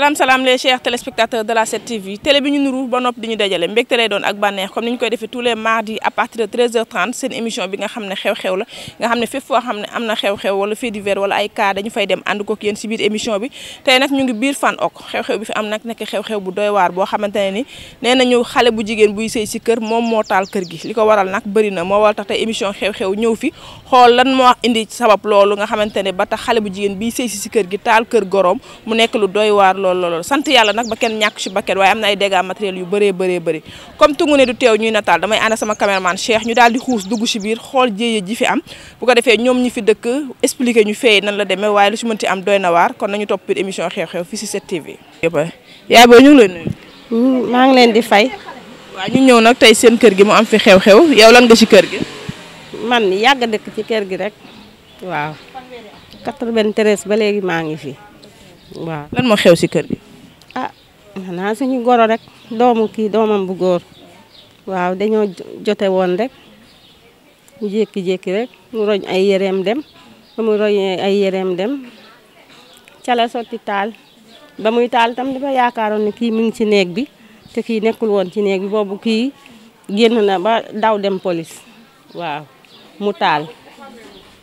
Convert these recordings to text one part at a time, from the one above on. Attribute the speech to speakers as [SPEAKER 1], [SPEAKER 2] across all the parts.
[SPEAKER 1] salaam salaam les chers téléspectateurs de la 7TV télé bi ñu nuru ba nopp di ñu dajale mbégte lay doon ak bànneex comme ni ñu koy defee tous les mardis à de 13 h seen émission bi nga xam ne xew-xew la nga xam ne fépp foo xam ne am na xew-xew wala fait divers ay cas dañu fay dem ànd ko ak yéen si biir émission bi tey nag ñu ngi biir fan ok xew-xew bi fi am nag nekk xew-xew bu doy waar boo xamante ne ni nee nañu xale bu jigéen buy sëy si moom moo taal kër gi li ko waral nag bëri na moo waral tax tey émission xew-xew ñëw fi xool lan moo indi sabab loolu nga xamante ne ba tax xale bu jigéen biy sëy si si kër gi taal kër goroom mu nekk lu doy waar loolu lool lool sant yàlla nag ba kenn ñàkk ci bakket waaye am na ay dégâts matériels yu bëree bëree bëri comme tungu ne du teew ñuy nataal damay ànd sama caméraman Cheikh ñu daal di xuus dugg ci biir xool jéye ji fi am bu defee ñoom ñi fi dëkk expliquer ñu feey nan la demee waaye lu ci mënti am doy na waar kon nañu topp émission xew-xew fii ci 7TV. yaay booy ñu ngi maa ngi leen di fay. waaw ñu ñëw nag tey seen kër gi mu am fi xew-xew yow lan nga ci kër gi.
[SPEAKER 2] man yàgg dëkk ci kër gi rek waaw 93 ba léegi maa waaw lan
[SPEAKER 1] moo xew si kër gi.
[SPEAKER 2] ah xanaa suñu goro rek doomu kii doomam bu góor waaw dañoo jote woon rek mu jékki-jékki rek mu roñ ay yéreem dem ba mu roñee ay yéreem dem ca la sotti taal ba muy taal tam dafa yaakaaroon ni kii mu ngi ci néeg bi te kii nekkul woon ci néeg bi boobu kii génn na ba daw dem police waaw mu taal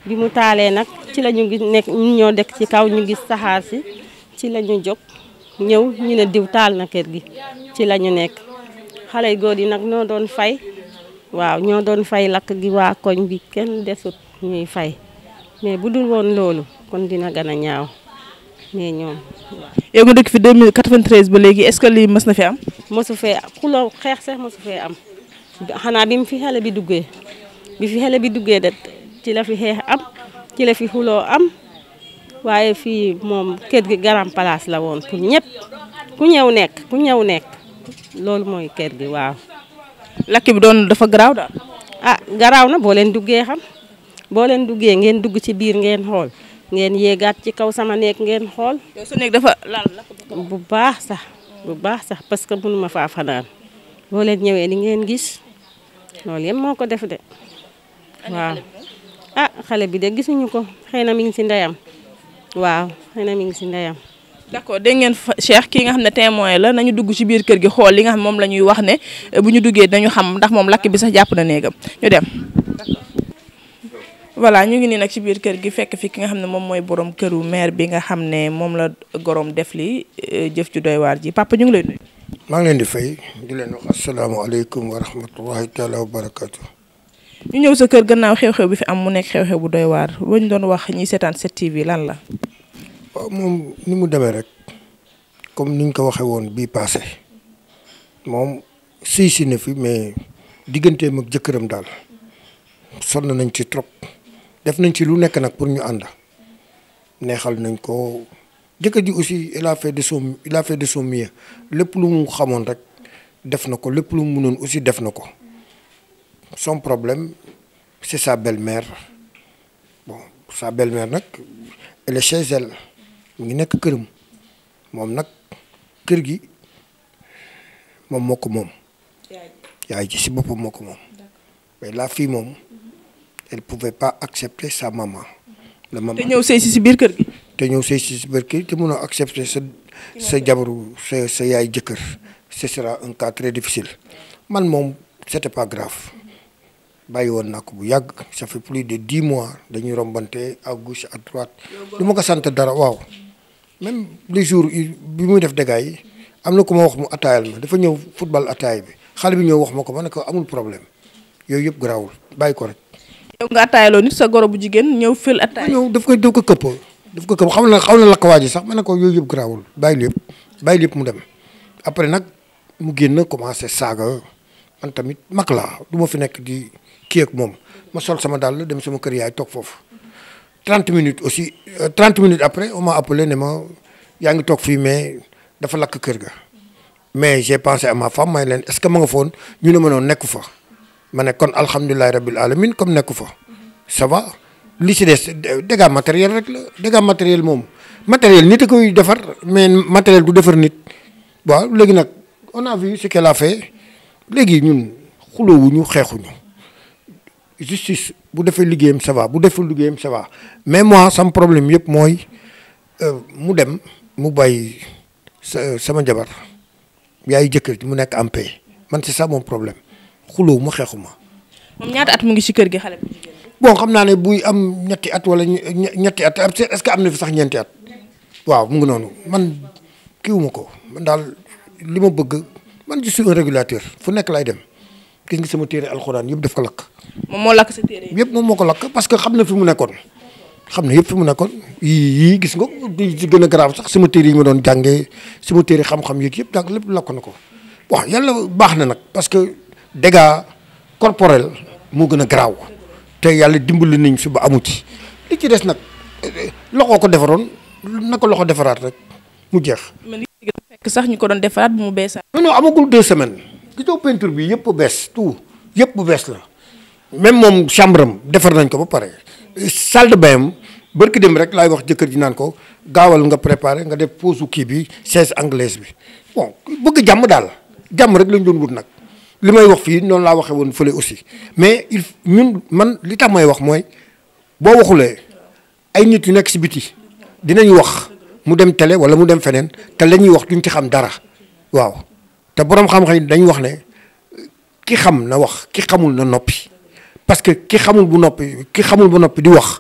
[SPEAKER 2] bi mu taalee nag ci la ñu ngi nekk ñoo dekk ci kaw ñu gis saxaar si ci la ñu jóg ñëw ñu ne diw taal na kër gi ci la ñu nekk xale góor yi nag ñoo doon fay waaw ñoo doon fay lakk gi waa koñ bi kenn desut ñuy fay mais bu dul woon loolu kon dina gën a ñaaw mais ñoom waaw.
[SPEAKER 1] yow nga dëkk fi 2093 ba léegi est-ce que lii mës na fi am.
[SPEAKER 2] mosu fee xuloo xeex sax mosu fee am xanaa bi mu fi xale bi duggee bi fi xale bi duggee de ci la fi xeex am ci la fi xuloo am. waaye fii moom kër gi grand palaas la woon pour ñëpp ku ñew nekk ku ñew nekk loolu mooy kër gi waaw. lakk bi doon dafa garaaw daal. ah garaaw na boo leen duggee xam boo leen duggee ngeen dugg ci biir ngeen xool ngeen yéegaat ci kaw sama nekk ngeen xool. su nekk dafa laal bu baax sax bu baax sax parce que mënuma faa fanaan boo leen ñëwee ni ngeen gis loolu yëpp moo ko def de waaw. ah xale bi de gisuñu ko xëy na mi ngi ci ndeyam. waaw xëy na mi ngi si ndeyam.
[SPEAKER 1] d'accord dégg ngeen Cheikh kii nga xam ne témoin la nañu dugg ci biir kër gi xool li nga xam moom la ñuy wax ne eh, bu ñu duggee dañu xam ndax moom lakk bi sax jàpp na néegam ñu dem. voilà ñu ngi nii nag ci biir kër gi fekk fi ki nga xam ne moom mooy borom këru maire bi nga xam ne moom la goroom def li eh, jëf ju doywaar ji papa ñu ngi leen nuyu.
[SPEAKER 3] maa ngi leen di fay di leen wax asalaamaaleykum wa rahmatullahi taala wa barakatu.
[SPEAKER 1] ñu ñëw sa kër gannaaw xew-xew bi fi am mu nekk xew-xew bu doy waar boo ñu doon wax ñi setaan 7TV lan la.
[SPEAKER 3] waaw moom ni mu demee rek comme niñ ko waxee woon bii passé moom sëy na fi mais digganteem ak jëkkëram daal na nañ ci trop def nañ ci lu nekk nag pour ñu ànd neexal nañ ko jëkkër ji aussi il a fait de son il a de son mieux lépp lu mu xamoon rek def na ko lépp lu mu mënoon aussi def na ko. son problème c'est sa belle-mère bon sa belle-mère nag elle est chez mu ngi nekk këram moom nag kër gi moom moo ko moom yaay ji si boppam moo moom mais la fi moom elle pouvait pas accepter sa maman la maman te ñëw sëy si si biir kër gi te ñëw sëy si si biir kër accepter sa sa jabaru sa sa yaay jëkkër ce sera un cas très difficile man moom c'était pas grave bàyyi woon naa ko bu yàgg ça fait plus de dix mois dañuy rombante à gauche à droite du ma ko sant dara waaw même les jours bi muy def dégâts yi am na ku ma wax mu attaayal ma dafa ñëw football attaay bi xale bi ñëw wax ma ko ma ne ko amul problème yooyu yëpp garaawul bàyyi ko rek. yow nga attaayaloo nit sa goro bu jigéen ñëw fël attaay. ñëw daf koy daf ko këpp daf ko këpp xam na xaw na lakk waa ji sax ma ne ko yooyu yëpp garaawul bàyyi lépp bàyyi lépp mu dem après nag mu génn commencé saaga tamit mag laa du ma fi nekk di. kii ak moom ma sol sama la dem sama kër yaay toog foofu. 30 minutes aussi euh, trente minutes après on m'a appelé ne ma yaa ngi toog fii mais dafa lakk kër ga. mais j'ai pensé à ma femme may leen est-ce que ma nga foon ñu ne ma nekku fa ma ne kon alhamdulilah rabil alamin comme nekku fa ça va li ci des dégâts matériel rek la dégâts matériel moom matériel nit a koy defar mais matériel du defar nit waaw léegi nag on a vu ce qu'elle a fait léegi ñun xuloowuñu xeexuñu justice bu defee liggéeyam ça va bu deful liggéeyam ça mais moi sama problème yëpp mooy euh, mu dem mu bàyyi sama jabar yaay jëkkër ji mu nekk en paix man c'est ça problème xulóo mu xeexu ma. moom ñaata at mu ngi
[SPEAKER 1] si kër gi xale bi jigéen
[SPEAKER 3] bon xam naa ne buy am ñetti at wala ñetti at est-ce que am na fi sax ñeenti at. waaw mu ngi noonu man kiiwuma ko man daal li ma bëgg man je suis un régulateur fu nekk lay dem. gis nga sama téere alxuraan yëpp daf ko lakk. moom moom moo ko lakk parce que xam na fi mu nekkoon. xam na yëpp fi mu nekkoon yii yii gis nga di gën a grave sax sama téere yi ma doon jàngee sama téere xam-xam yeeg yëpp jàng lépp lakk na ko bon yàlla baax na nag parce que dégâts corporels moo gën a graaw te yàlla dimbali nañ fi ba amu ci li ci des nag loxoo ko defaroon na ko loxo defaraat rek mu jeex.
[SPEAKER 1] fekk sax ñu ko doon defaraat bu mu beesaat.
[SPEAKER 3] non non amagul deux gisoo peinture bi yëpp bees tout yëpp bu bees la même moom chambre am defar nañ ko ba pare sald de bain dem rek laay wax jëkkër ji naan ko gaawal nga préparé nga def pose kii bi chaise anglaise bi bon bëgg jàmm daal jàmm rek lañ doon wut nag li may wax fii noonu laa waxee woon fële aussi mais il ñun man li tax may wax mooy boo waxulee ay nit yu nekk si biti dinañ wax mu dem tele wala mu dem feneen te lañuy wax duñ ci xam dara waaw te boroom xam-xam yi dañ wax ne ki xam na wax ki xamul na noppi parce que ki xamul bu noppi ki xamul bu noppi di wax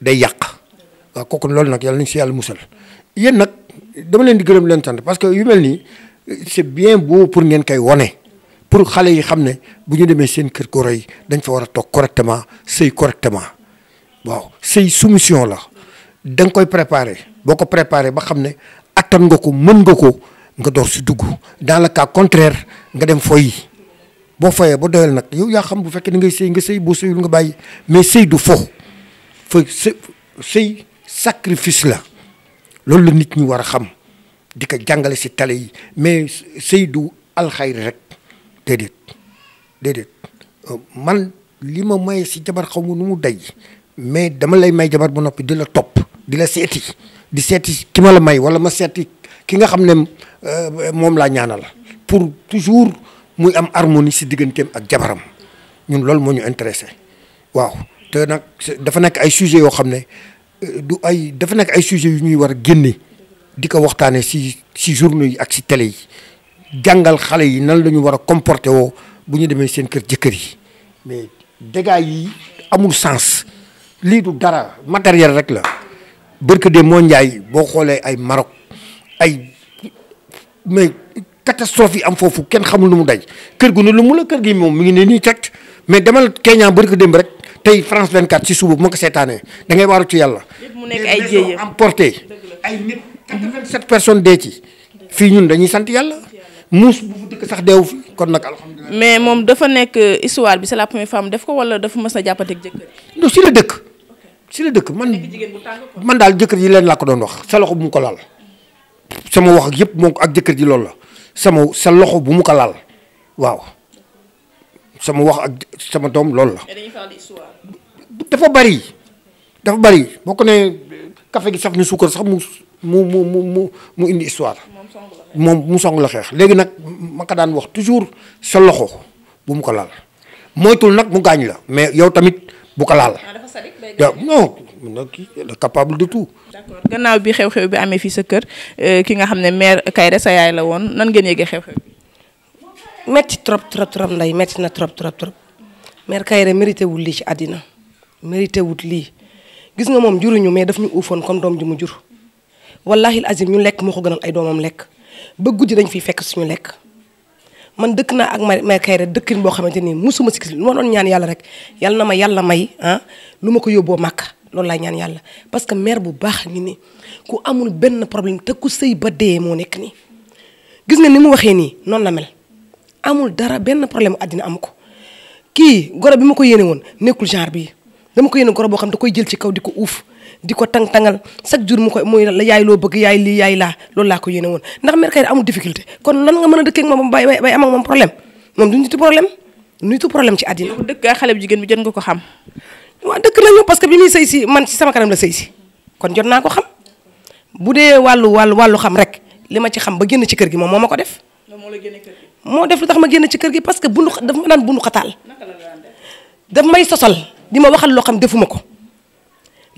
[SPEAKER 3] day yàq waaw kooku loolu nag yàlla nañ si yàlla musal yéen nag dama leen di gërëm leen sant parce que yu mel nii c'est bien beau pour ngeen koy wone pour xale yi xam ne bu ñu demee seen kër goro yi dañ fa war a toog correctement sëy correctement waaw sëy soumission la da koy préparer boo ko préparer ba xam ne attan nga ko mën nga ko nga door si dugg dans le cas contraire nga dem foyi boo foyee ba doyal nag yow yaa xam bu fekkee da ngay sëy nga sëy boo sëyul nga bàyyi mais sëy du fo fa sëy sacrifice la la nit ñi war a xam di ko jàngale si tale yi mais sëy du alxayri rek déedéet déedéet euh, man li ma maye si jabar xaw ma nu mu day mais dama lay may jabar bu noppi di la topp di la seeti di seeti ki ma la may wala ma seeti ki nga xam ne Euh, moom laa ñaana la pour toujours muy am harmonie si digganteem ak jabaram ñun loolu moo ñu intéressé waaw te nag dafa nekk ay sujets yoo xam ne euh, du ay dafa nekk ay sujets yu ñuy war a génne di ko waxtaanee si si journaux yi ak si télé yi jàngal xale yi nan la ñu war a comporté woo bu ñu demee seen kër jëkkër yi mais dégâts yi amul sens lii du dara matériel rek la barke de moo njaay boo xoolee ay Maroc ay mais catastrophe yi am foofu kenn xamul nu mu daj kër gu ne lu mu la kër gi moom mi ngi ne nii teg mais demal Kenya bari ko démb rek tey France 24 ci suba bu ma ko da ngay waaru ci yàlla.
[SPEAKER 1] mu nekk ay jéyam
[SPEAKER 3] emporté ay nit 87 personnes dee ci fii ñun dañuy sant yàlla. muus bu dëkk sax deewu fi kon nag alhamdulilah.
[SPEAKER 1] mais moom dafa nekk histoire bi c'est la première femme def ko wala dafa mës a jàppante ak jëkkër. non si la dëkk.
[SPEAKER 3] si la dëkk man man daal jëkkër yi leen laa ko doon wax sa loxo bu mu ko laal. sama wax ak yëpp moom ak jëkkër ji loolu la sama sa loxo bu mu ko laal waaw sama wax ak sama doom loolu la. dafa bari dafa bari boo ne nee gi saf na suukar sax mu mu mu mu mu indi histoire. moom mu song la xeex léegi nag ma ko daan wax toujours sa loxo bu mu ko laal moytul nag mu gaañ la mais yow tamit. bu ko laal. waaw ah, non non kii capable de tout.
[SPEAKER 1] d'accord gannaaw bi xew-xew bi amee fii sa kër euh, ki nga xam ne maire kayre sa yaay la woon nan ngeen yëgee xew-xew bi.
[SPEAKER 4] metti trop trop trop nday metti na trop trop trop kayre Kairé mérité wul lii ci àddina mérité wul lii gis nga moom juruñu mais daf ñu uufoon comme doom ju mu jur. wallahi azim ñu lekk moo ko gën a ay doomam lekk ba guddi dañ fiy fekk suñu lekk. man dëkk naa ak May Kayre dëkkin boo xamante ni musuma si gis lu ma ñaan yàlla rek yàlla na ma yàlla may ah lu ma ko yóbboo màkk loolu laay ñaan yàlla parce que mère bu baax ni ni ku amul benn problème te ku sëy ba dee moo nekk nii gis nga ni mu waxee nii noonu la mel amul dara benn problème àddina am ko kii goro bi ma ko yenee woon nekkul genre bii dama ko yéene goro boo xam da koy jël ci kaw di ko uuf di ko tang-tangal chaque jour mu koy muy la yaay loo bëgg yaay lii yaay laa lool laa ko yéene woon ndax mère Kairé amul difficulté kon lan nga mën a dëkkee ak moom bay bay am ak moom problème moom du nitu problème nitu problème bi jot nga ko xam waaw dëkk parce que bi muy sëy si man ci sama kanam la sëy si kon jot naa ko xam bu dee wàllu wàllu wàllu xam rek li ma ci xam ba génn ci kër gi moom moom ma ko def moo def lu tax ma génn ci kër gi parce que bunu daf ma daan bunu xataal daf may sosal di ma waxal loo xam defuma ko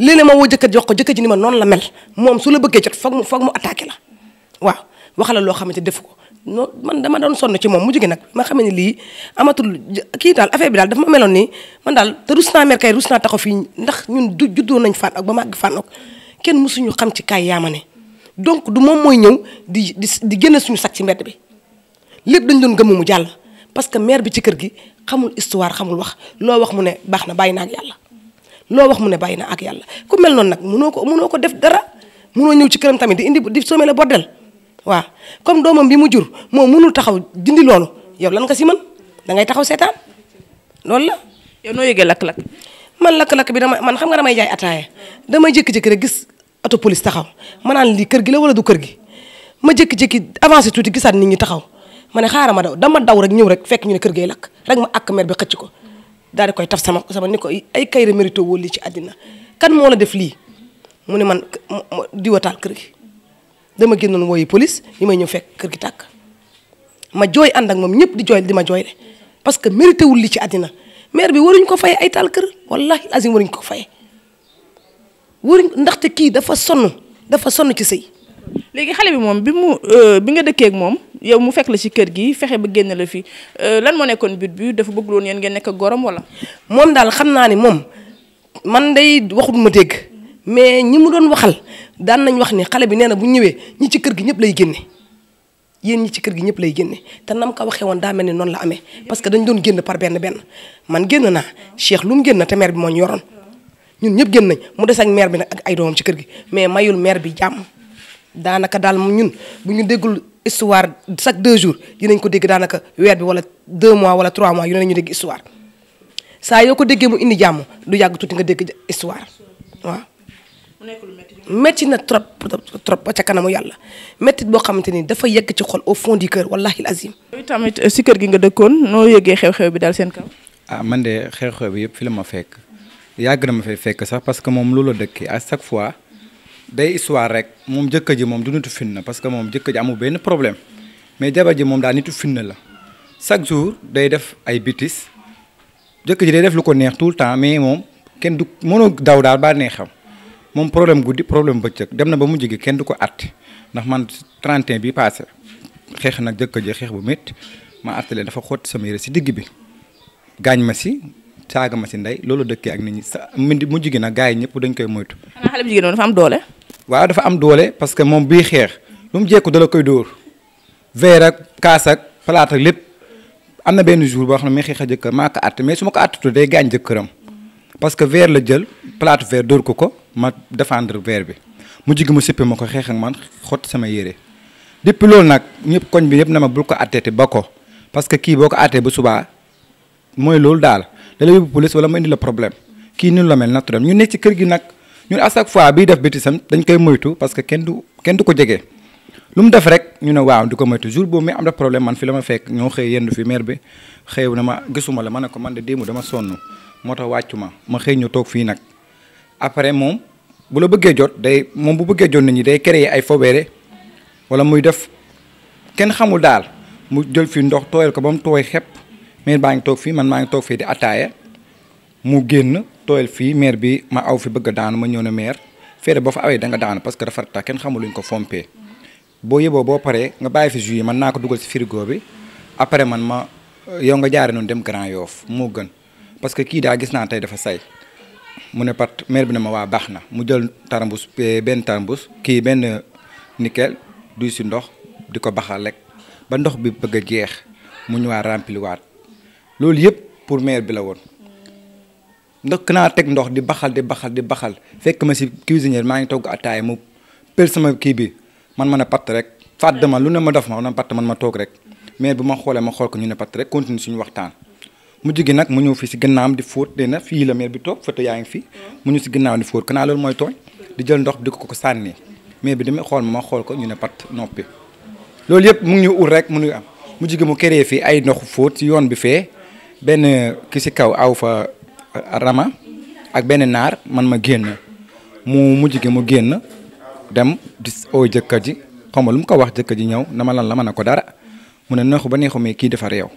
[SPEAKER 4] léeg-léeg ma woo jëkkër jox ko jëkkër ji ni ma noonu la mel moom su la bëggee jot foog mu foog mu attaqué la waaw waxala loo xamante def ko non man dama doon sonn ci moom mu jóge nag ma xam ne lii amatul kii daal affaire bi daal dafa meloon nii man daal te rus naa mer kay rus fii ndax ñun du juddoo nañ fànn ak ba màgg fànn ak kenn mësuñu xam ci kaay yaama ne donc du moom mooy ñëw di di di génne suñu sac ci mbedd bi lépp dañ doon gëmm mu jàll parce que mère bi ci kër gi xamul histoire xamul wax loo wax mu ne baax na bàyyi naa ak yàlla loo wax mu ne bàyyi na ak yàlla ku mel noon nag munoo ko mënoo ko def dara mënoo ñëw ci këram tamit di indi di somele bordel waaw comme doomam bi mu jur moo mënul taxaw dindi loolu yow lan nga si mën da ngay taxaw seetaan loolu la. yow noo yëgee lakk-lakk. man lakk-lakk bi dama man xam nga damay jaay ataaya damay jékki-jékki rek gis auto police taxaw ma naan lii kër gi la wala du kër gi ma jékki-jékki avancé tuuti gisaat nit ñi taxaw ma ne xaaral ma daw dama daw rek ñëw rek fekk ñu ne kër gay lakk rek ma ak mer bi xëcc ko. daal di koy taf sama sama ni ko ay kayri mérité woo lii ci àddina kan moo la def lii mu ne man diwataal kër gi dama génnoon wooyi police yi may ñëw fekk kër gi tàkk ma jooy ànd ak moom ñëpp di jooy di ma jooy de parce que mérité lii ci àddina maire bi waruñ ko fay ay taal kër wallahi azim waruñ ko fay waruñ ndaxte kii dafa sonn dafa sonn ci sëy
[SPEAKER 1] léegi xale bi moom bi mu euh, bi nga dëkkeek moom yow mu fekk la ci kër gi fexe ba génn la fi
[SPEAKER 4] euh, lan moo nekkoon but bi dafa bëgg woon yéen ngeen nekk gorom wala. moom daal xam naa ne moom man day waxut ma dégg mais ñi mu doon waxal daan nañ wax ni xale bi nee na bu ñëwee ñi ci kër gi ñëpp lay génne yéen ñi ci kër gi ñëpp lay génne te nam ko waxee woon daa mel ni noonu la amee parce que dañ doon génn par benn benn man génn naa Cheikh lu mu génn te mère bi moo ñu yoroon ñun ñëpp génn nañ mu des ak mère bi nag ak ay doomam ci kër gi mais mayul mère bi jàmm. daanaka daal ñun bu ñu déggul histoire chaque deux jours nañ ko dégg daanaka weer bi wala deux mois wala trois mois yu ne ñu dégg histoire saa yoo ko déggee mu indi jàmm du yàgg tuuti nga dégg histoire waaw. métti na trop trop ba kanamu yàlla métti boo xamante ni dafa yegg ci xol au fond du cœur wallahi azim. tamit euh, si kër gi nga
[SPEAKER 1] dëkkoon noo yëgee xew-xew bi daal seen kaw.
[SPEAKER 5] ah man de xew-xew bi yëpp fi la ma fekk yàgg na ma fay fekk sax parce que moom loolu la dëkk à chaque fois. day histoire rek moom jëkkër ji moom du nitu fitna parce que moom jëkkër ji amul benn problème mais jabar ji moom daa nitu na la chaque jour day def ay bitis jëkkër ji day def lu ko neex tout le temps mais moom kenn du mënoo daw daal ba neexam moom problème guddi problème bëccëg dem na ba mu jigi kenn du ko àtte ndax man 31 bi passé xeex nag jëkkër ji xeex bu métti ma àtte dafa xot sama yére si digg bi gaañ ma si saaga ma si ndey loolu dëkkee ak nit ñi sa mujj gi nag gars yi ñëpp dañ koy moytu. xanaa am doole. waaw dafa am doole parce que moom bii xeex lu mu jekku dala koy dóor veer ak kaas ak palaat ak lépp am na benn jour boo xam ne mi xeex a jëkkër maa ko àtt mais su ma ko àttatu day gaañ jëkkëram parce que veer la jël palaatu veer dóor ko ko ma défendre veer bi mu jigi mu sippi ma ko xeex man xott sama yére depuis loolu nag ñëpp koñ bi yëpp na ma bul ko àttee ba ko parce que kii boo ko àttee ba subaa mooy loolu daal da la yóbbu police wala mu indi la problème kii nii la mel naturel ñu nekk ci kër gi nag. ñun à chaque fois biy def bétisam dañ koy moytu parce que kenn du kenn du ko jege lu mu def rek ñu ne waaw di ko moytu jour boobu mi am na problème man fi la fekk ñoo xëy yendu bi xëyw na ma gisuma la ma ne ko man de démb dama sonn moo wàccu ma ma xëy ñu toog fii nag après moom bu la bëggee jot day moom bu bëggee jot nit ñi day créer ay fobeere wala muy def kenn xamul daal mu jël fi ndox tooyal ko ba mu tooy xepp maire baa ngi toog fii man maa ngi toog fii di ataaya mu génn tooyal fii maire bi ma aw fi bëgg a daanu ma ñëw ne maire feere boo fa awee danga nga daanu parce que dafa tax kenn xamul luñ ko fompee boo yeboo boo paree nga bàyyi fi jus yi man naa ko dugal si frigo bi après man ma euh, yow nga jaare noonu dem Grand yoof moo gën parce que kii daa gis naa tey dafa say mu ne pat maire bi ne ma waa baax na mu jël tarambus benn tarambus kii benn euh, nickel duy si ndox di ko baxal rek ba ndox bi bëgg a jeex mu ñëwaat rempli waat loolu yëpp pour maire bi la woon ndox naa teg ndox di baxal di baxal di baxal fekk ma si cuisinière maa ngi togg ataay mu pël sama kii bi man ma ne patt rek fàdd ma lu ne ma def ma na patt man ma toog rek mais bu ma xoolee ma xool ko ñu ne patt rek continue suñu waxtaan mu jóge nag mu fii si gannaawam di fóot dee na fii la mère bi toog fëte yaa ngi fi mu ñëw si gannaawam di fóot kanaa loolu mooy tooñ di jël ndox bi di ko ko sànni mère bi demee xool ma ma xool ko ñu ne patt noppi loolu yëpp mu ngi ñu ur rek mu ngi am mu jóge mu kéré fii ay ndox fóot si yoon bi fee benn ki si kaw aw fa rama ak benn naar man ma génn mu mujj gi mu génn dem di oo jëkkër ji xaw ma lu mu ko wax jëkkër ji ñëw na ma lan la ma ne ko dara mu ne neexu ba neexu mais kii dafa réew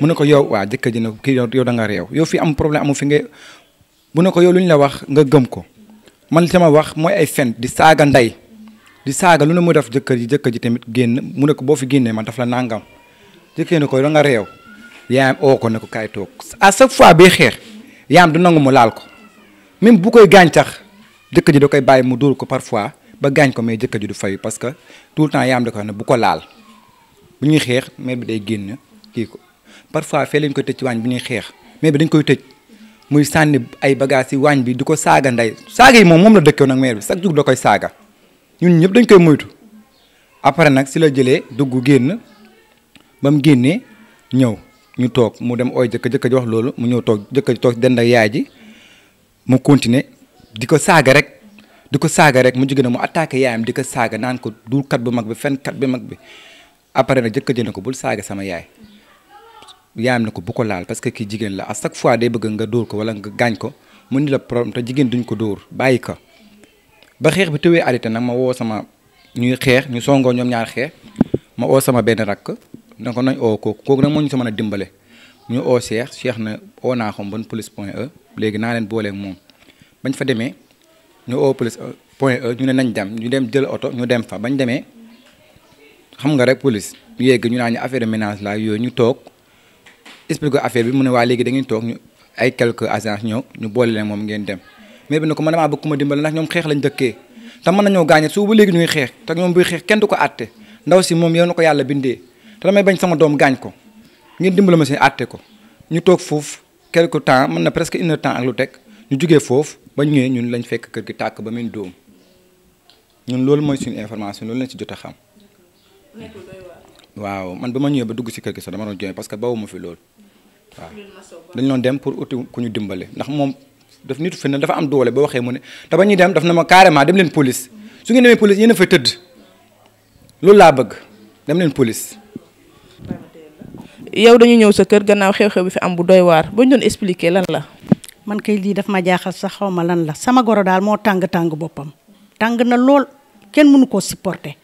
[SPEAKER 5] mu ne ko yow waa jëkkër ji ne kii yow da nga réew yow fii am problème fi nga mu ne ko yow lu ñu la wax nga gëm ko man li ma wax mooy ay fen di saaga ndey di saaga lu ne mu def jëkkër ji jëkkër ji tamit génn mu ne ko boo fi génnee man daf la nangam jëkkër ne ko da nga réew yaayam oo ko ne ko kaay toog à chaque fois bay xeex yaam du nangu mu laal ko même bu koy gaañ sax jëkkër ji da koy bàyyi mu dóor ko parfois ba gaañ ko may jëkkër ji du fayu parce que tout le temps yaam da ko ne bu ko laal bu ñuy xeex mère bi day génn kii ko parfois fee lañ koy tëj ci waañ bu ñuy xeex mère bi dañ koy tëj muy sànni ay bagages ci waañ bi du ko saaga ndey saaga yi moom moom la dëkkee nag mère bi chaque jour da koy saaga ñun ñëpp dañ koy moytu après nag si la jëlee dugg génn ba mu génnee ñëw. ñu toog mu dem ooy jëkk jëkk wax loolu mu ñëw toog jëkk ji toog dend ak yaay ji mu continuer di ko saaga rek di ko saaga rek mu jóge na mu attaqué yaayam di ko saaga naan ko dul kat bu mag bi fen bi mag bi après nag jëkk ji ko bul saaga sama yaay yaayam na ko bu ko laal parce que kii jigéen la a chaque fois de bëgg nga dóor ko wala nga gaañ ko mu ni la problème te jigéen duñ ko dóor bàyyi ko ba xeex bi tëwee arrêté nag ma woo sama ñuy xeex ñu songoo ñoom ñaar xeex ma woo sama benn rakk na ko nañ oo kooku kooku nag moo ñu sa mën a dimbale ñu oo Cheikh Cheikh na oo naa xam ban police point e léegi naa leen booleeg moom bañ fa demee ñu oo police point e ñu ne nañ dem ñu dem jël oto ñu dem fa bañ demee xam nga rek police ñu yegg ñu naa ñu affaire ménage la yooyu ñu toog expliqué affaire bi mu ne waa léegi da ngeen toog ñu ay quelques agents ñëw ñu boole leen moom ngeen dem mais bi na ko man damaa bëgg ku ma dimbale ndax ñoom xeex lañ dëkkee te nañoo gaañe su léegi ñuy xeex te ñoom buy xeex kenn du ko àtte ndaw si moom yow na ko yàlla bindee te damay bañ sama doom gaañ ko ngeen dimbala ma si àtte ko ñu toog foofu quelque temps mën na presque une heure temps ak lu teg ñu jugee foofu ba ñu ñëwee ñun lañ fekk kër gi tàkk ba mel doom ñun loolu mooy suñu information loolu lañ si jot a xam. waaw man ba ma ñëwee dugg si kër gi sax dama doon parce que bawu ma fi loolu waaw. dañ doon dem pour uti ku ñu dimbale ndax moom daf nit ne dafa am doole ba waxee mu ne te ñuy dem daf na ma carrément dem leen police su ngeen demee police yéen a tëdd loolu laa bëgg dem leen police. yow dañu ñëw
[SPEAKER 1] sa kër gannaaw xew-xew bi fi am bu doy waar ba ñu doon expliquer lan la.
[SPEAKER 6] man kay lii daf ma jaaxal sax xaw ma lan la sama goro daal moo tàng tàng boppam tàng na lool kenn mënu koo supporter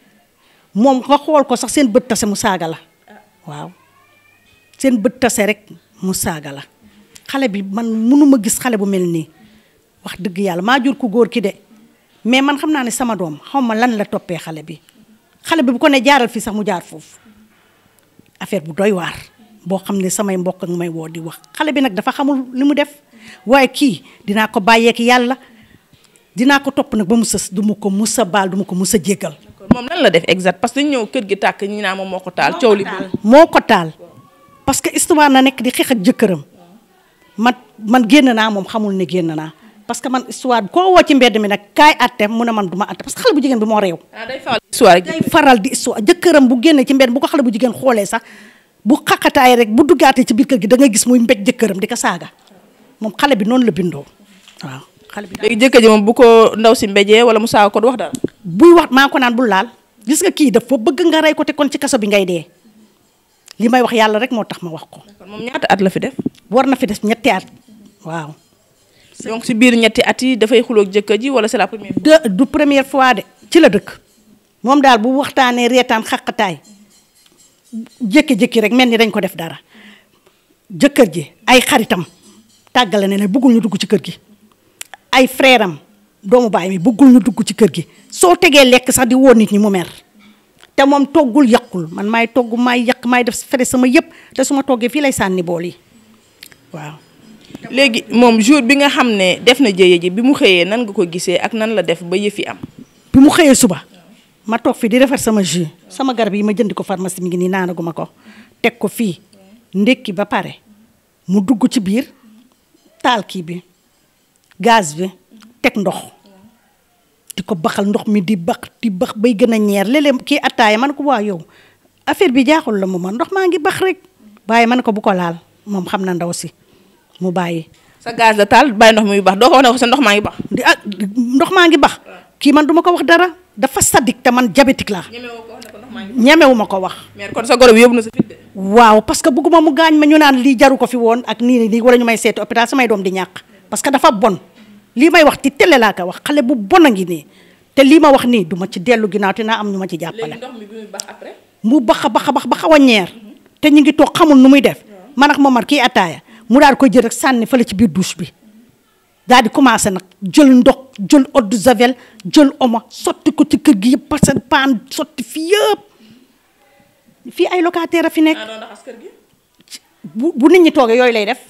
[SPEAKER 6] moom nga xool ko sax seen bët tase mu saaga la waaw seen bët tase rek mu saaga la xale bi man mënuma gis xale bu mel nii wax dëgg yàlla maa jur ku góor ki de mais man xam naa ne sama doom xaw ma lan la toppee xale bi xale bi bu ko ne jaaral fii sax mu jaar foofu affaire bu doy waar. boo xam ne samay mbokk ak may woo di wax xale bi nag dafa xamul ni mu def waaye kii dinaa ko bàyyeek yàlla dinaa ko topp nag ba mu sës du ma ko mus a baal du ma ko mus a jéggal. moom lan la
[SPEAKER 1] def exact parce que ñëw kër gi tàkk ñi naa moom moo ko taal coow li.
[SPEAKER 6] moo ko taal parce que histoire na nekk di xeex ak jëkkëram man man génn naa moom xamul ne génn naa parce que man histoire koo woo ci mbedd mi nag kaay àtteem mu ne man du ma àtte parce que xale bu jigéen bi moo réew. Ah, day faral di histoire jëkkëram bu génne ci mbedd bu ko xale bu jigéen xoolee sax. bu xaqataay rek bu duggaatee ci biir kër gi dangay gis muy mbéj jëkkëram di ko saaga moom xale bi noonu la bindoo waaw. xale bi léegi jëkkër ji bu ko ndaw si mbéjee wala mu saaga ko du wax dara. buy wax maa ko naan bul laal gis nga kii daf dafa bëgg nga rey ko te kon ci kaso bi ngay dee li may wax yàlla rek moo tax ma wax ko. moom ñaata at la fi def. war na fi def ñetti at waaw. donc si biir ñetti ati dafay xuloog jëkkër ji wala c'est la première. du première fois de ci la dëkk moom daal bu waxtaanee reetaan xaqataay. jékki-jékki rek mel ni dañ ko def dara jëkkër ji ay xaritam tàggale ne ne bëggul ñu dugg ci kër gi ay freeram am doomu baay mi bëggul ñu dugg ci kër gi soo tegee lekk sax di woo nit ñi mu mer te moom toggul yàqul man maay togg may yàq may def fere sama yëpp te su ma toggee fii lay sànni bool yi waaw. léegi moom jour bi nga xam ne def na jëye ji bi mu xëyee nan nga ko gisee ak nan la def ba yëfi am. bi mu xëyee suba. ma toog fii di defar sama jus sama garab yi ma jëndi ko pharmacie mi ngi nii ma ko teg ko fii ki ba pare mu dugg ci biir taal kii bi gaz bi teg ndox di ko baxal ndox mi di bax di bax bay gën a ñeer léeg-léeg kii attaaya man ko waa yow affaire bi jaaxul la mu ma ndox maa ngi bax rek bàyyi man ko bu ko laal moom xam na ndaw si mu bàyyi. sa gaz la taal bàyyi ndox mi bax doo ko wax ne ko sa ndox maa ngi bax. Ah, ndox maa ngi bax. kii man duma ko wax dara dafa sadik te man diabétique laa. ñemewu ma ko wax. mais kon sa gorob yóbbu na sa waaw parce que bëgguma mu gaañ ma ñu naan lii jaru ko fi woon ak nii nii wala ñu may seeti hôpital samay doom di ñàkk. parce que dafa bon lii may wax ci télé laa ko wax xale bu bon a ngi nii te lii ma wax nii duma ci dellu ginnaaw te naa am ñu ma ci jàppale. ndox
[SPEAKER 1] mi bu baax après.
[SPEAKER 6] mu bax a bax a ba xaw a ñeer te ñu ngi toog xamul nu muy def. man ma Momar kii ataaya mu daal koy jël rek sànni fële ci biir douche bi daal di commencé nag jël ndox jël eau de javel jël omo sotti ko ci kër gi yëpp parce que paan sotti fii yëpp fii ay locataire a fi nekk. bu bu nit ñi toogee yooyu lay def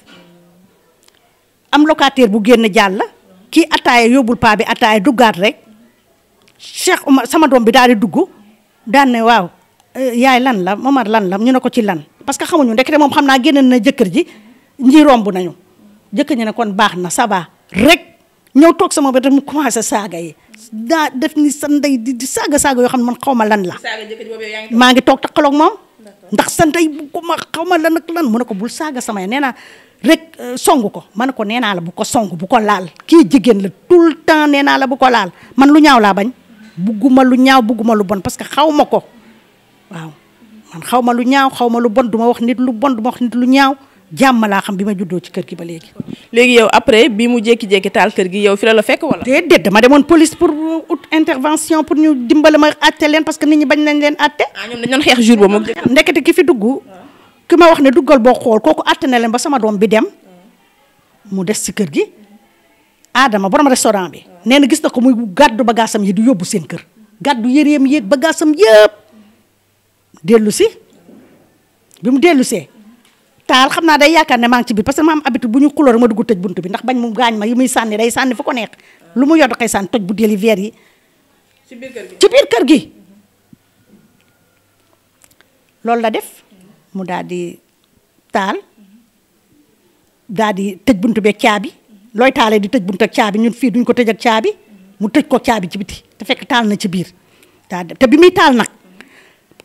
[SPEAKER 6] am locataire bu génn jàll kii ataaya yóbbul paa bi ataaya duggaat rek Cheikh Oumar sama doom bi daal di dugg daan ne waaw eh, yaay lan la Momar lan la ñu ne ko ci lan. parce que xamuñu ndekete moom xam naa génn na jëkkër ji ñi romb nañu jëkkër ñu ne kon baax na sabaa rek ñëw toog sama ba mu commencé saaga yi da def ni sa ndey di di saaga saaga yoo xam ne man xaw ma lan la. maa ngi toog ta taxaloog moom. ndax sa ndey bu ma xaw ma lan lan mu ne ko bul saaga sama nee naa rek euh, songu ko ma ne ko nee naa la bu ko songu bu ko laal kii jigéen la tout le temps nee naa la bu ko laal man lu ñaaw laa bañ. bugguma lu ñaaw bugguma lu bon parce que xaw ma ko waaw man xaw ma lu ñaaw xaw ma lu bon du ma wax nit lu bon du wax nit lu ñaaw. jàmm laa xam bi ma juddoo ci kër gi ba léegi. léegi yow après bi mu jékki-jékki taal kër gi yow fi la la fekk wala. déedéet dama demoon police pour ut intervention pour ñu dimbale ma àtte leen parce que nit ñi bañ nañ leen àtte. ah ñoom dañu doon xeex jour ba moom. Ah, ki fi dugg ki ma wax ne duggal boo xool kooku àtte na leen ba sama doom bi dem mu des ci kër gi Adama borom restaurant bi. nee na gis na ko muy gàddu bagaasam yi du yóbbu seen kër. gàddu yëreem yéeg bagaasam yëpp dellu si bi mu dellu see taal xam naa day yaakaar ne maa ngi ci biir parce que ma am habitude bu ñu xulóor ma dugg tëj bunt bi ndax bañ mu gaañ ma yi muy sànni day sànni fu ko neex lu mu yor da koy bu déli verre yi ci biir kër gi ci biir kër gi loolu la def mu daal di taal daal di tëj bunt bi ak caabi looy taalee di tëj bunt ak caabi ñun fii duñ ko tëj ak caabi mu tëj ko caabi ci biti te fekk taal na ci biir daal te bi muy taal nag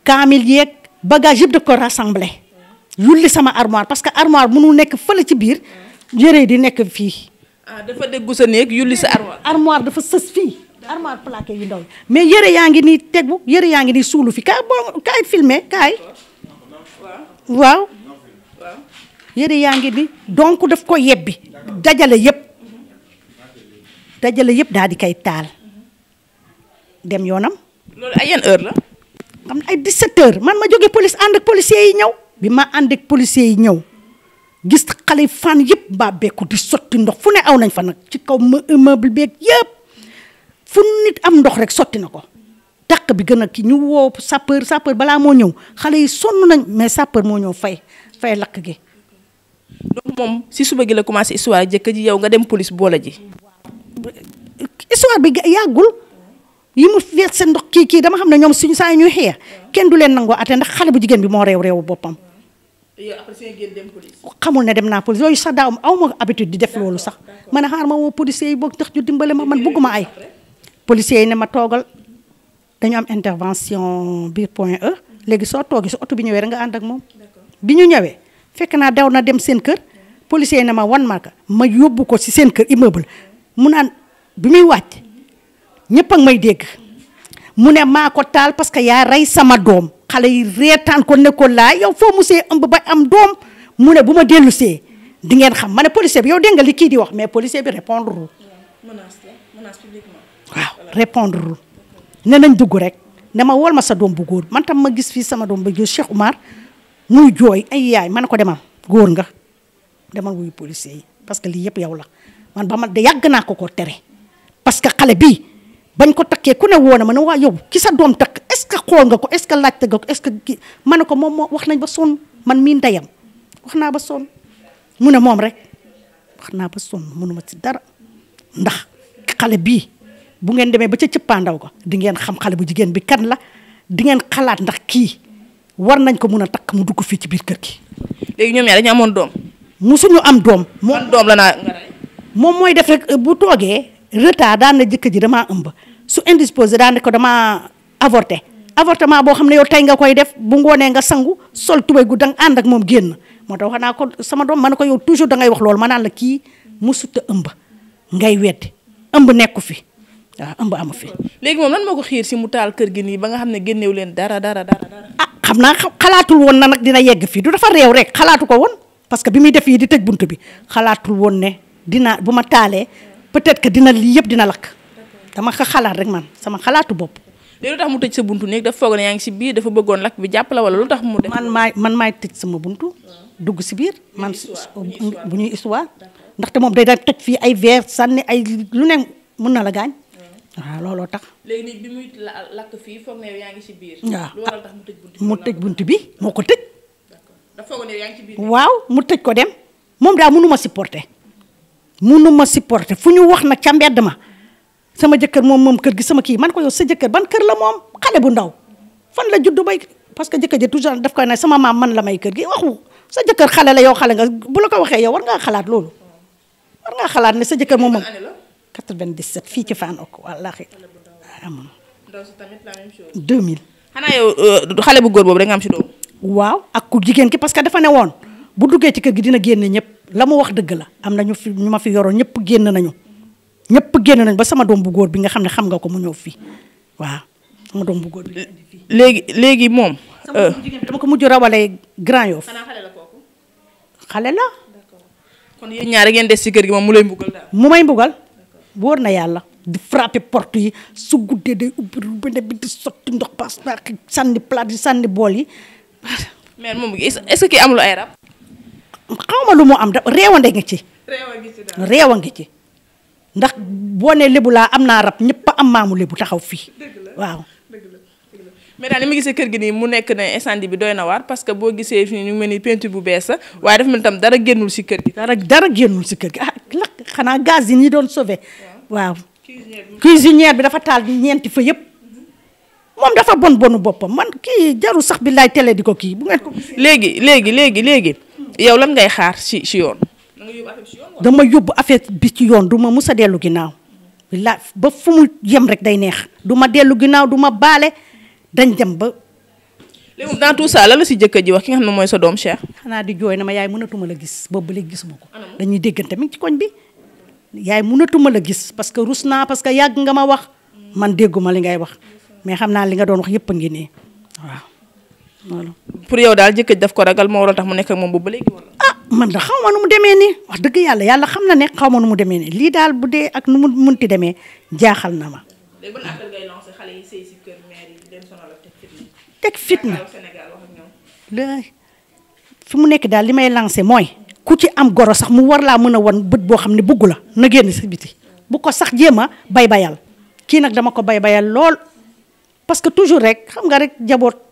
[SPEAKER 6] kaamil yeeg bagage yëpp da ko rassemblé yulli sama armoire parce que armoire mënul nekk fële ci biir yére di nekk fii. ah dafa déggu sa néeg yulli sa armoire. armoire dafa sës fii armoire plaqué yu ndaw mais yére yaa ngi nii tegu yére yaa ngi nii suulu fi kaa boo kaay filmé kaay. waaw. yére yaa ngi nii donc daf ko yebbi dajale yëpp dajale yëpp daal di kay taal dem yoonam.
[SPEAKER 1] loolu ay yan heure la.
[SPEAKER 6] am ay 17 heures man ma jógee police ànd ak policiers yi ñëw. bi ma ànd ak policiers yi ñëw gis xale fan yëpp baa beeku di sotti ndox fu ne aw nañ fa nag ci kaw meuble beeg yëpp fu nit am ndox rek sotti na ko dàq bi gën a ki ñu woo sapeur sapeur balaa moo ñëw xale yi sonn nañ mais sapeur moo ñëw fay fay lakk gi.
[SPEAKER 1] donc moom si suba gi la commencé histoire jëkk ji yow nga dem police boole ji.
[SPEAKER 6] histoire bi yàggul yi mu fees seen ndox kii kii dama xam ne ñoom suñu saa ñuy xëyee kenn du leen nangoo ate ndax xale bu jigéen bi moo réew réewu boppam. xamul ne dem naa police yooyu sax daaw aw ma habitude di def loolu sax man a xaar ma woo policier yi boog tax ju dimbale ma man bëgguma ay policier yi ne ma toogal dañu am intervention biir point E léegi soo toogee su oto bi ñëwee rek nga ànd ak moom bi ñu ñëwee fekk naa daw na dem seen kër policier yi ne ma wan marka ma yóbbu ko si seen kër immeuble mu naan bi muy wàcc ñëpp ak may dégg mu ne maa ko taal parce yaa rey sama doom xale yi reetaan ko ne ko laa yow foo musee ëmb ba am doom mu ne bu ma dellu see di ngeen xam ma ne policier bi yow dégg nga li kii di wax mais policier bi répondre wul.
[SPEAKER 1] menace la menace publiquement.
[SPEAKER 6] waaw répondre wul ne rek ne ma wol ma sa doom bu góor man tam ma gis fii sama doom bu góor Cheikh Oumar muy jooy ay yaay man ko demal góor nga demal wuyu policier yi parce que lii yëpp yow la man ba ma de yàgg naa ko ko tere parce que xale bi bañ ko takkee ku ne woo na ma ne waa yow ki sa doom takk taxoo nga ko est-ce que laajte nga ko est-ce que kii ma ne ko moom moo wax nañ ba sonn man mii ndeyam wax naa ba sonn mu ne moom rek wax naa ba sonn mënuma ci dara ndax xale bii bu ngeen demee ba ca cëppaandaw ko di ngeen xam xale bu jigéen bi kan la di ngeen xalaat ndax kii war nañ ko mun a takk mu dugg fii ci biir kër gi. léegi ñoom ñaar dañu amoon doom. musuñu am doom. moom doom la naa moom mooy def rek bu toogee retard daan na jëkkër ji damaa ëmb su indisposé daan ne ko damaa avorté avortement boo xam ne yow tey nga koy def bu ngoonee nga sangu sol tubéy gu danga ànd ak moom génn moo tax wax naa ko sama doom man ko yow toujours dangay wax loolu ma naan la kii musut a ëmb ngay weddi ëmb nekku fi waaw ëmb amu fi.
[SPEAKER 1] léegi moom lan moo ko xiir si mu taal kër gi nii ba nga xam ne génnewu leen dara dara dara.
[SPEAKER 6] ah xam naa xalaatul woon na nag dina yegg fii du dafa réew rek xalaatu ko woon parce que bi muy def yi di tëj bunt bi xalaatul woon ne dina bu ma taalee peut-être que dina lii yëpp dina lakk dama ko xalaat rek man sama xalaatu bopp. léegi lu tax mu tëj sa bunt néeg dafa foog ne yaa ngi si biir dafa bëggoon lakk bi jàpp la wala lu tax mu def man maay man maay tëj sama buntu dugg si biir man bu ñuy histoire ndaxte moom day da toj fii ay ver sànni ay lu ne mën na la gaañ waaw looloo tax.
[SPEAKER 1] léegi lakk fii foog yaa ngi si biir. waaw
[SPEAKER 6] mu tëj bunt bi moo ko tëj.
[SPEAKER 1] dafa waaw mu
[SPEAKER 6] tëj ko dem moom daal mënu ma supporter mënu ma supporter fu ñu wax nag ca mbedd ma. sama jëkkër moom moom kër gi sama kii man ko yow sa jëkkër ban kër la moom xale bu ndaw fan la juddu bay parce que jëkkër ji toujours daf koy ne sama maam man la may kër gi waxu sa jëkkër xale la yow xale nga bu la ko waxee yow war ngaa xalaat loolu war ngaa xalaat ne sa jëkkër moom moom 97 fii ci Fann ok wallaahi amoon
[SPEAKER 1] 2000
[SPEAKER 6] xanaa yow euh, xale bu góor boobu da nga am si doom waaw ak ku jigéen ki parce que dafa ne woon bu duggee ci kër gi dina génne ñëpp la mu wax dëgg la am na ñu fi ñu ma fi yoroon ñëpp génn nañu ñépp génn nañ ba sama doom bu góor bi nga xam ne xam nga ko mu ñëw fii waaw sama doom bu góor bi. léegi léegi moom. dama ko mujj rawale Grand Yoff. xale la.
[SPEAKER 1] kon yéen ñaar ngeen
[SPEAKER 6] des ci kër gi moom mu lay mbugal daal. mu may mbugal wóor na yàlla. di frappé porte yi su guddee day ubbi robinet bi di sotti ndox paas naa sànni plate yi bool yi.
[SPEAKER 1] mais moom est-ce amul ay rab.
[SPEAKER 6] xaw ma lu mu am da réewa ngi ci. réewa ngi ci daal ngi ci. ndax boo nee lébu laa am naa rab ñëpp am maamu lébu taxaw fii waaw.
[SPEAKER 1] mais daal li ma gisee kër gi nii mu nekk na incendie bi doy na waar parce que boo gisee fii ñu mel ni peinture bu bees waaye dafa mel
[SPEAKER 6] tam dara génnul si kër gi. dara dara génnul si kër gi ah lakk xanaa gaz yi nii doon sauvé waaw. cuisinière bi dafa taal bi ñeenti fa yëpp. moom dafa bon bonu boppam man kii jarul sax bi laay télé di ko kii bu ngeen ko. léegi léegi léegi léegi yow lan ngay xaar si si yoon. dama yóbbu affaire bi ci yoon du ma mus a dellu ginnaaw laa ba fu mu yem rek day neex duma dellu ginnaaw du ma baale dañ dem ba. léegi dans tout ça la si jëkkër ji wax ki nga xam ne mooy sa doom Cheikh. xanaa di jooy na ma yaay mënatuma la gis boobu ba léegi gisuma ko. dañuy déggante mi ci koñ bi yaay mënatuma la gis parce que rus naa parce que yàgg nga ma wax man dégguma li ngay wax mais xam naa li nga doon wax yëpp a ngi nii waaw. pour yow daal jëkkër daf ko ragal moo waral tax mu nekk moom moom ba léegi wala. ah man da xaw ma nu mu demee nii wax dëgg yàlla yàlla xam na ne xaw ma nu mu demee nii lii daal bu dee ak nu mu munti demee jaaxal na ma.
[SPEAKER 1] xale yi si kër
[SPEAKER 6] teg fitna. fi mu nekk daal li may lancé mooy. ku ci am goro sax mu war laa mën a wan bët boo xam ne bëggu la na génn sa biti bu ko sax jéem a bay bayal kii nag dama ko bay bayal lool parce que toujours rek xam nga rek jaboot.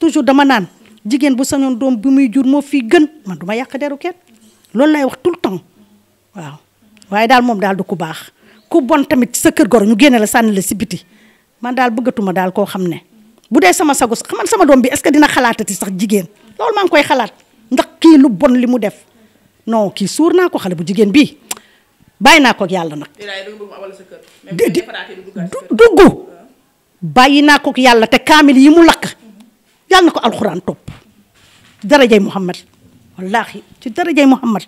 [SPEAKER 6] toujours dama naan jigéen bu sañoon doom bi muy jur moo fii gën man du ma yàq deru kenn loolu lay wax tout le temps waaw waaye daal moom daal du ku baax ku bon tamit sa kër goro ñu génne la sànni la si biti man daal bëggatuma daal koo xam ne bu dee sama sago sax man sama doom bi est-ce que dina xalaatati sax jigéen loolu maa ngi koy xalaat ndax kii lu bon li mu def non kii suur naa ko xale bu jigéen bii bàyyi naa ko yàlla nag. dugg bàyyi naa ko yàlla te kaamil yi mu lakk yàlla na ko alxuraan topp darajay Muhammad wallaahi ci darajay Muhammad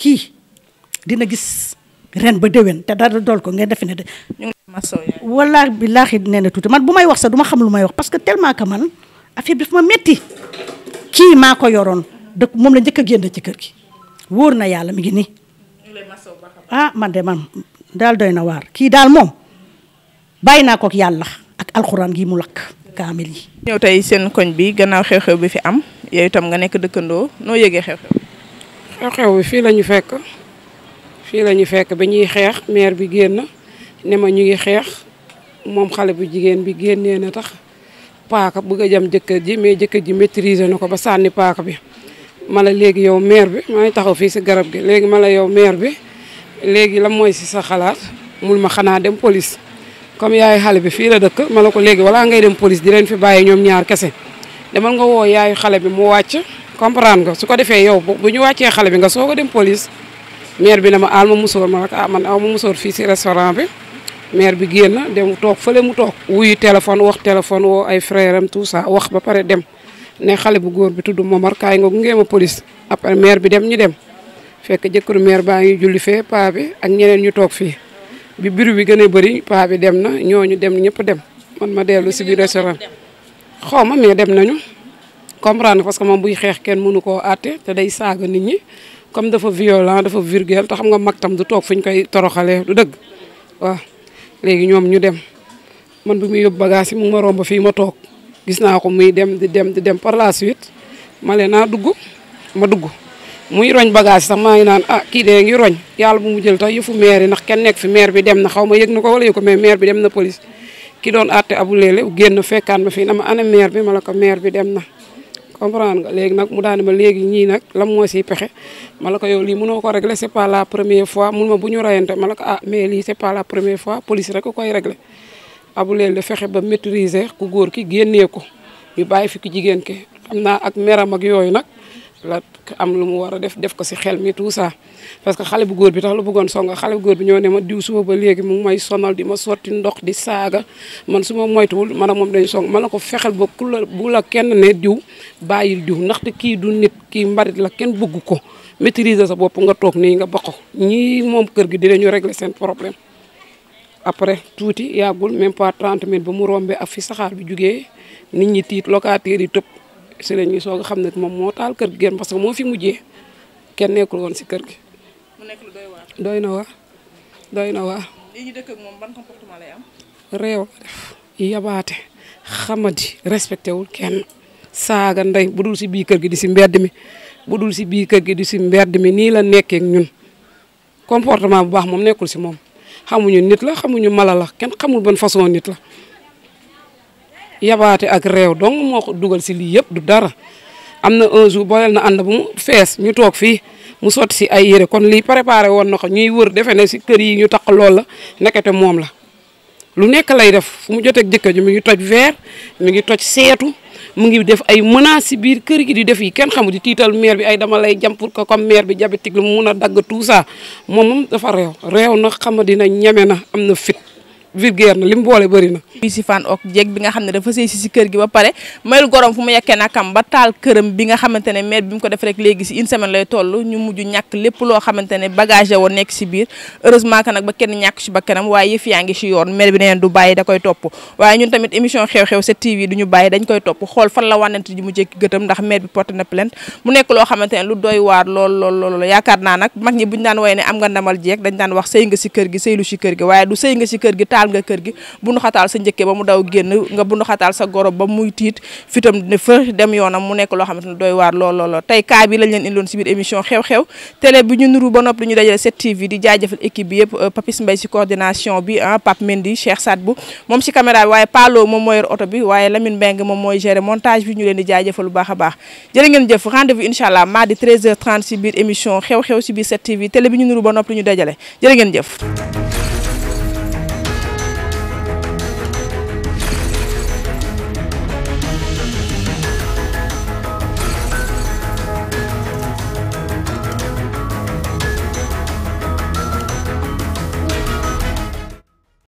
[SPEAKER 6] kii dina gis ren ba déwén te dara dool ko ngeen defe ne de. wallaahi billaahi nee na tuuti man bu may wax sax ma xam lu may wax parce que tellement que man affaire bi dafa ma métti kii maa ko yoroon dëkk moom la njëkk a génn ci kër gi wóor na yàlla mi ngi nii. ah man de man daal doy na waar kii daal moom bàyyi naa ko yàlla ak alxuraan gi mu lakk. kaamil yi.
[SPEAKER 1] ñëw tey seen koñ bi gannaaw xew-xew bi fi am yow itam nga nekk dëkkandoo noo yëgee
[SPEAKER 6] xew-xew.
[SPEAKER 7] xew bi fii la ñu fekk fii la ñu fekk ba ñuy xeex maire bi génn ne ma ñu ngi xeex moom xale bu jigéen bi génneen a tax paaka bëgg a jam jëkkër ji mais jëkkër ji maîtriser na ko ba sànni paaka bi. ma léegi yow maire bi maa ngi taxaw fii si garab gi léegi ma la yow maire bi léegi la mooy si sa xalaat mul ma xanaa dem police comme yaay xale bi fii la dëkk ma ko léegi wala ngay dem police di leen fi bàyyi ñoom ñaar kese demal nga woo yaay xale bi mu wàcc comprendre nga su ko defee yow bu ñu wàccee xale bi nga soog dem police maire bi ne ma aal ma musóor ma ah man aw ma musóor fii si restaurant bi maire bi génn dem toog fële mu toog wuyu téléphone wax téléphone woo ay frère am wax ba pare dem ne xale bu góor bi tudd Momar kaay nga gunge ma police après maire bi dem ñu dem fekk jëkkëru maire baa ngi julli fee paa bi ak ñeneen ñu toog fii bi biru bi gën a bëri paa bi dem na ñooñu dem ñëpp dem man ma dellu si biir restaurant xaw ma mais dem nañu comprendre parce que moom buy xeex kenn mënu koo atté te day saaga nit ñi comme dafa violent dafa vulgaire te xam nga mag tam du toog fu ñu koy toroxalee du dëgg waaw léegi ñoom ñu dem man bu muy yóbbu bagage yi mu ma romb fii ma toog gis naa ko muy dem di dem di dem par la suite ma leen naa dugg ma dugg muy roñ bagage sax maa ngi naan ah kii dee ngi roñ yàlla bu mu jël tax yëfu maire yi ndax kenn nekk fi maire bi dem na xaw ma yëg na ko wala yëg ko mais bi dem na police ki doon àtte abu léele génn fekkaan ma fii na ma ana maire bi ma la ko maire bi dem na comprendre nga léegi nag mu daane ma léegi ñii nag lan moo siy pexe ma la ko yow lii mënoo ko régler c'est pas la premier fois mun ma bu ñu rayante ma la ko ah mais lii c'est pas la première fois police rek koy régler abu léele fexe ba maîtriser ku góor ki génnee ko ñu bàyyi fi jigéen ki xam naa ak meram ak yooyu nag la am lu mu war def def ko si xel mi tout ça parce que xale bu góor bi tax la bëggoon songa xale bu góor bi ñoo ne ma diw suba ba léegi mu may sonal di ma sotti ndox di saaga man su ma moytuwul man moom dañ song man na ko fexel ba ku la la kenn ne diw bàyyil diw ndaxte kii du nit kii mbarit la kenn bëgg ko maîtriser sa bopp nga toog ni nga bokk ñii moom kër gi dinañu régler seen problème après tuuti yàggul même pas 30 minutes ba mu rombee ak fi saxaar bi jugee nit ñi tiit si bi soog a xam ne moom moo taal kër gi gën parce que moo fi mujjee kenn nekkul woon si kër gi. nekk lu doy doy na waar doy na waar.
[SPEAKER 1] li ñu moom ban am.
[SPEAKER 7] réew def yabaate xamadi respecté wul kenn saaga ndey bu dul si bii kër gi di si mbedd mi bu dul si biir kër gi di si mbedd mi nii la nekkee ñun comportement bu baax moom nekkul si moom xamuñu nit la xamuñu mala la kenn xamul ban façon nit la. yabaate ak réew donc moo ko dugal si lii yëpp du dara am na un jour na ànd bu mu fees ñu toog fii mu sotti si ay yére kon lii préparé woon na ko ñuy wër defe ne si kër yi ñu taq lool la te moom la lu nekk lay def fu mu joteeg jëkkër ji mi ngi toj verre mi ngi toj seetu mu ngi def ay menaces si biir kër gi di def yi kenn xamu di tiital maire bi ay dama lay jam pour que comme maire bi diabétique lu mu mun a dagg tout ça moom moom dafa réew réew na xam dina am vulgaire na li mu boole bëri na. fii si fan ok jeeg bi nga xam ne dafa sëy si si kër
[SPEAKER 1] gi ba pare mayul gorom fu mu yekkee nakam ba taal këram bi nga xamante ne maire bi mu ko def rek léegi si une semaine lay toll ñu lépp loo xamante ne bagage woon nekk si biir heureusement que ba kenn ñàkk si ba kanam waaye yëf yaa ngi si yoon maire bi neen du bàyyi xew-xew sa TV du ñu bàyyi dañ koy topp xool fan la wànnante ji mu jékki na plainte mu nekk loo xamante ne lu doy waar lool lool lool yaakaar naa nag mag ñi buñu daan woy ne am nga ndamal jeeg dañ daan wax sëy nga si kër gi sëylu si kër gi waaye du sëy nga si kër gi taal nga kër gi bunu xataal sa njëkkee ba mu daw génn nga bunu sa goro ba muy tiit fitam ne fa dem yoonam mu nekk loo xamante ne doy waar lool lool tey kaa bi lañ leen indiloon si biir émission xew-xew télé bi ñu nuru ba nopp li ñu dajale 7TV bi yëpp euh, Papis Mbaye si moom si caméra bi waaye Palo moom mooy yor oto bi waaye Lamine Mbeng moom mooy gérer montage bi ñu leen di jaajëfal bu biir émission xew-xew si biir 7TV télé bi ñu nuru ba nopp li ñu dajale jërë jëf